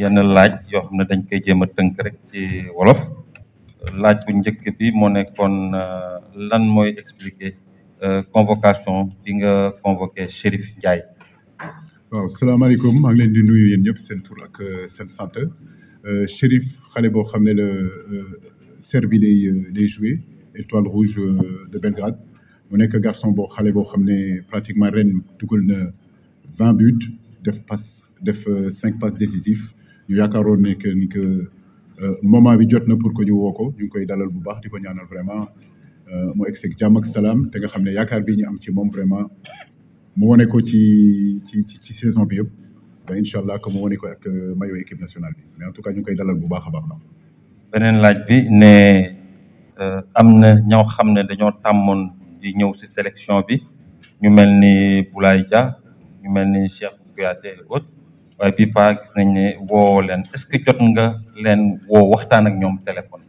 yenn laaj yoo xam ne dañ koy jéem a tënk rek ci wolof laaj bu njëkk bi moo nekkoon euh, lan mooy expliquer euh, convocation bi nga convoqué Chérif Ndiaye. waaw salaamaaleykum maa ngi leen di nuyu yéen ñëpp seen tur ak euh, seen sant Chérif xale boo xam ne la Serbie lay lay joué étoile rouge de Belgrade mu nekk garçon boo xale boo xam ne pratiquement ren dugal na 20 buts def passe def 5 passes décisives ñu yaakaaroon ne que ni que euh, moment bi jot na pour que ñu woo ko ñu ngi koy dalal bu baax di ko ñaanal vraiment euh, mu egg seeg jàmm ak salaam te nga xam ne yaakaar bi ñu am ci moom vraiment mu wane ko ci ci ci saison bi yëpp ba incha allah que mu wane ko ak euh, maillot équipe nationale bi mais en tout cas ñu ngi koy dalal bu baax a baax na beneen laaj bi ne am na ñoo xam ne dañoo tàmmoon di ñëw si sélection bi ñu mel ni Boulaye Dia ñu mel ni Cheikh Kouyaté autres waaye bi paa gis nañ ne woowoo leen est-ce que jot nga leen woo waxtaan ak ñoom téléphone.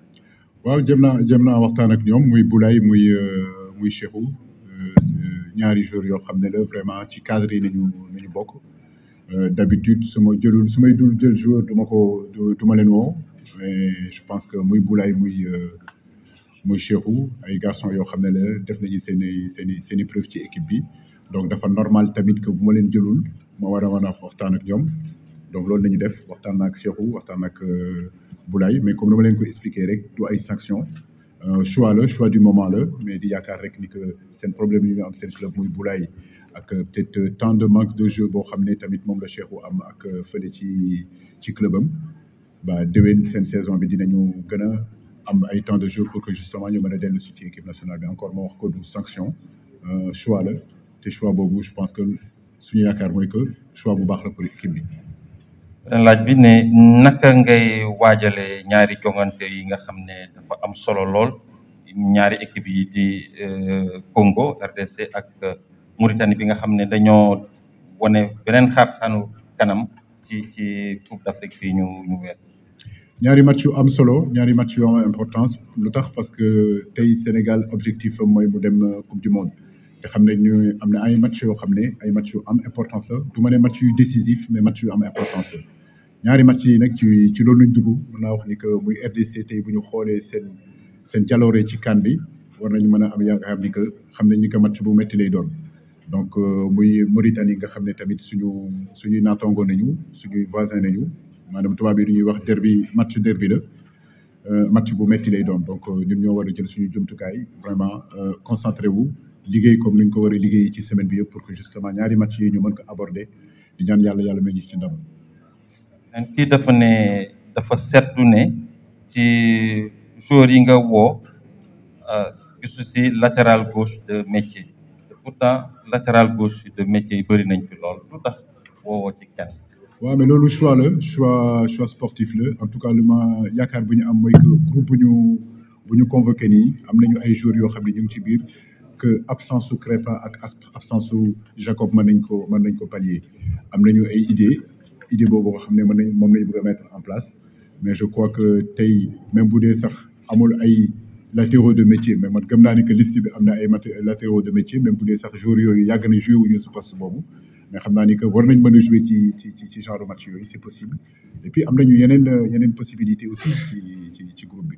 waaw jëm naa jëm naa waxtaan ak ñoom muy Boulaye muy euh, muy Cheikhou euh, ñaari jours yoo xam ne la vraiment ci cadre yi nañu nañu bokk euh, d'habitude su ma jëlul su may dul jël jour du ma ko du ma leen woo mais je pense que muy Boulaye muy muy Cheikhou ay garçons yoo xam ne la def nañu seen i seen i seen i preuve ci équipe bi donc dafa normal tamit que bu ma leen jëlul ma war a woon a waxtaan ak ñoom donc loolu la ñu def waxtaan ak Cheikhou waxtaan ak euh, Boulaye mais comme ni ma leen ko expliquer rek du ay sanction euh, choix la choix du moment la mais di yaakaar rek ni que seen problème yi ñu am seen club muy Boulaye ak euh, peut-être tant de manque de jeu boo xam ne tamit moom la Cheikhou am ak fële ci ci clubam ba déwén seen saison bi dinañu gën a am ay temps de jeu pour que justement ñu mën a dellu si ci équipe nationale bi encore ma wax ko du sanction choix la te choix boobu je pense que suñu yaakaar mooy que choix bu baax la pour équipe bi. laaj bi ne naka ngay waajalee ñaari jongante yi nga xam ne dafa am solo lool ñaari équipe yi di euh, Congo RDC ak euh, Mauritanie bi nga xam ne dañoo wane beneen xaartaanu kanam ci ci Coupe d'Afrique fii ñu ñu weer. ñaari match yu am solo ñaari match yu am importance lu tax parce que tey Sénégal objectif mooy bu dem euh, Coupe du Monde. te xam ne ñu am na ay match yoo xam ne ay match yu am importance la du ma ne match yu décisif mais match yu am importance la ñaari match yi nag ci ci loolu lañ dugg mën naa wax ni que muy RDC tey bu ñu xoolee seen seen jaloore ci kan bi war nañu mën a am yaakaar ni que xam nañ ni que match bu métti lay doon donc euh, muy Mauritanie nga xam ne tamit suñu suñuy naatango nañu suñuy voisin nañu maanaam tubaab yi ñuy wax derby match derby la euh, match bu métti lay doon donc euh, ñun ñoo war a jël suñu jumtukaay vraiment concentré wu liggéey comme ni ko war a liggéey ci semaine bi yëpp pour que justement ñaari match yi ñu mën ko aborder di ñaan yàlla yàlla may ci ndam. kii dafa ne dafa settu ne ci joueur yi nga woo euh, gisu si latéral gauche de métier pourtant latéral gauche de métier yi bëri nañ ci lool lu tax woowoo ci kenn. waaw mais loolu choix la choix choix sportif la en tout cas lu ma yaakaar bu ñu am mooy que groupe bu ñu bu ñu convoqué nii am nañu ay joueurs yoo xam ne ñu ngi ci biir que absence ou Crépin ak absence ou Jacob mën nañ ko mën nañ ko pallier am nañu ay idée idée bobu nga xamné ne mom lañu bëgg mettre en place mais je crois que tay même bu sax amul ay latéraux de métier mais man gëm naa ni que liste bi amna ay latéraux de métier même bu sax jour yoyu yàgg na joué wuñu passe poste mais xam naa ni que war nañ mën a joué ci ci ci genre match yooyu c'est possible et puis am nañu yeneen yeneen possibilité aussi ci ci ci groupe bi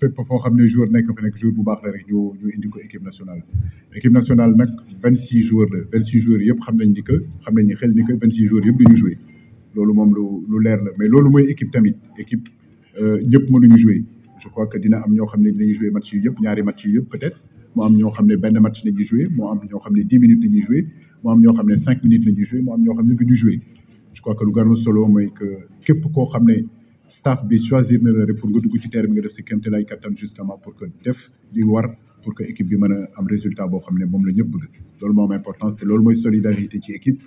fépp foo xam ne joueur nekk fa nekk joueur bu baax la rek ñu ñu indi ko équipe nationale équipe nationale nag 26 six joueurs la 26 six joueurs yëpp xam nañ ni que xam nañ ni xel ni que 26 six joueurs yëpp duñu jouer loolu moom lu lu leer la mais loolu mooy équipe tamit équipe euh, ñëpp mënuñu jouer je crois que dina am ñoo xam ne dinañu joué match yi yëpp ñaari match yi yëpp peut-être moo am ñoo xam ne benn match la ñuy jouer moo am ñoo xam ne dix minutes la ñuy jouer moo am ñoo xam ne cinq minutes la ñuy jouer moo am ñoo xam ne du jouer je crois que lu gën solo mooy que képp koo xam ne staff bi choisir na la rek pour nga dugg ci terrain bi nga def si kéemte lay kattan justement pour que def li war pour que équipe bi mën a am résultat boo xam ne moom la ñëpp bëgg loolu moo am importance te loolu mooy solidarité ci équipe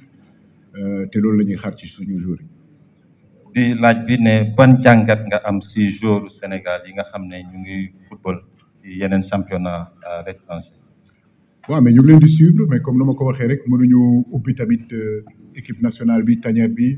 euh, te loolu la ñuy xaar ci suñu jour yi. di laaj bi ne ban jàngat nga am si jour Sénégal yi nga xam ne ñu ngi football ci yeneen championnat à l'étranger. waaw mais ñu ngi leen di suivre mais comme ni ma ko waxee rek mënuñu ubbi tamit euh, équipe nationale bi tanière bi.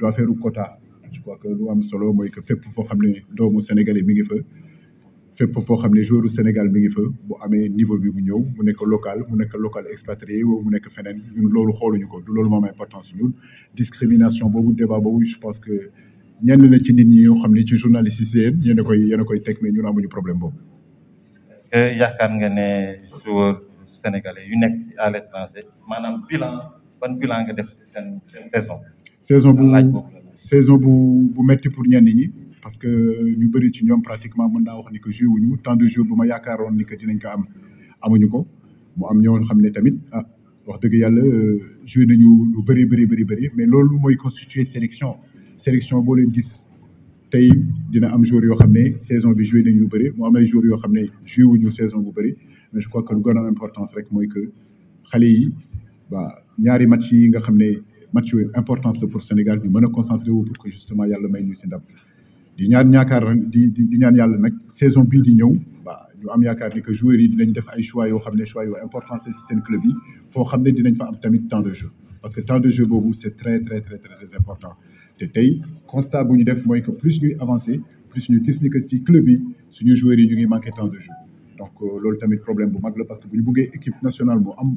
du affaire quota je crois que lu am solo mooy que fépp foo xam ne doomu sénégalais mi ngi fa fépp foo xam ne joueur Sénégal mi ngi fa bu amee niveau bi mu ñëw mu nekk local mu nekk local expatrié wala mu nekk feneen ñun loolu xooluñu ko du loolu moom importance ñun discrimination boobu débat boobu je pense que ñen na ci nit ñi yoo xam ne ci journaliste yi seen yéen koy yéen a koy teg mais ñun amuñu problème boobu. yaakaar nga ne joueur sénégalais yu nekk ci à l'étranger maanaam bilan ban bilan nga def seen seen saison saison bu saison bu bu metti pour ñenn ñi parce que ñu bëri ci ñoom pratiquement mën naa wax ni que joué wuñu temps de jeu bu ma yaakaaroon ni que dinañ ko am amuñu ko mu am ñoo xam ne tamit ah wax dëgg yàlla euh, joué nañu lu bëri bëri bëri bëri mais loolu mooy constituer sélection sélection boo leen gis tey dina am jour yoo xam ne saison bi joué nañu lu bëri mu am ay jour yoo xam ne joué wuñu saison bu bëri mais je crois que lu gën a importance rek mooy que xale yi waa ñaari match yi nga xam ne match importance la pour Sénégal du mën a concentré wu pour que justement yàlla may ñu si ndam di ñaan yaakaar di di ñaan yàlla nag saison bii di ñëw waa ñu am yaakaar ni que joueurs yi dinañ def ay choix yoo xam ne choix yu importance si seen club yi foo xam ne dinañ fa am tamit temps de jeu parce que temps de jeu boobu c'est très très très très important te tey constat bu ñu def mooy que plus ñuy avancer plus ñu gis ni que ci club yi suñu joueurs yi ñu ngi manqué temps de jeu donc euh, loolu tamit problème bu mag le parce que bu ñu équipe nationale moo am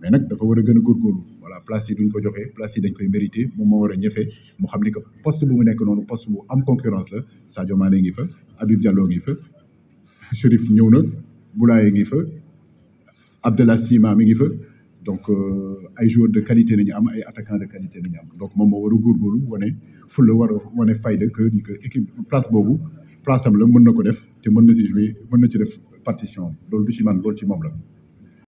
mais nak dafa wara a gorgolu a voilà place yi duñ ko joxee place yi dañ koy mérité mo mo wara ñëfé ñëfee mu xam ni que poste bu mu nekk noonu poste bu am concurrence la Sadio Mané ngi fa Habib Diallo ngi fa Cherif ñëw na Boulaye ngi fa Abdallah Sima mi ngi fa donc euh, ay joueurs de qualité nañu am ay attaquants de qualité nañu am donc mo mo wara gorgolu woné wane fulla wara woné fayda que ni que équipe place bobu place am la mën na ko def te mën na ci jouer mën na ci def partition loolu du ci man loolu ci moom la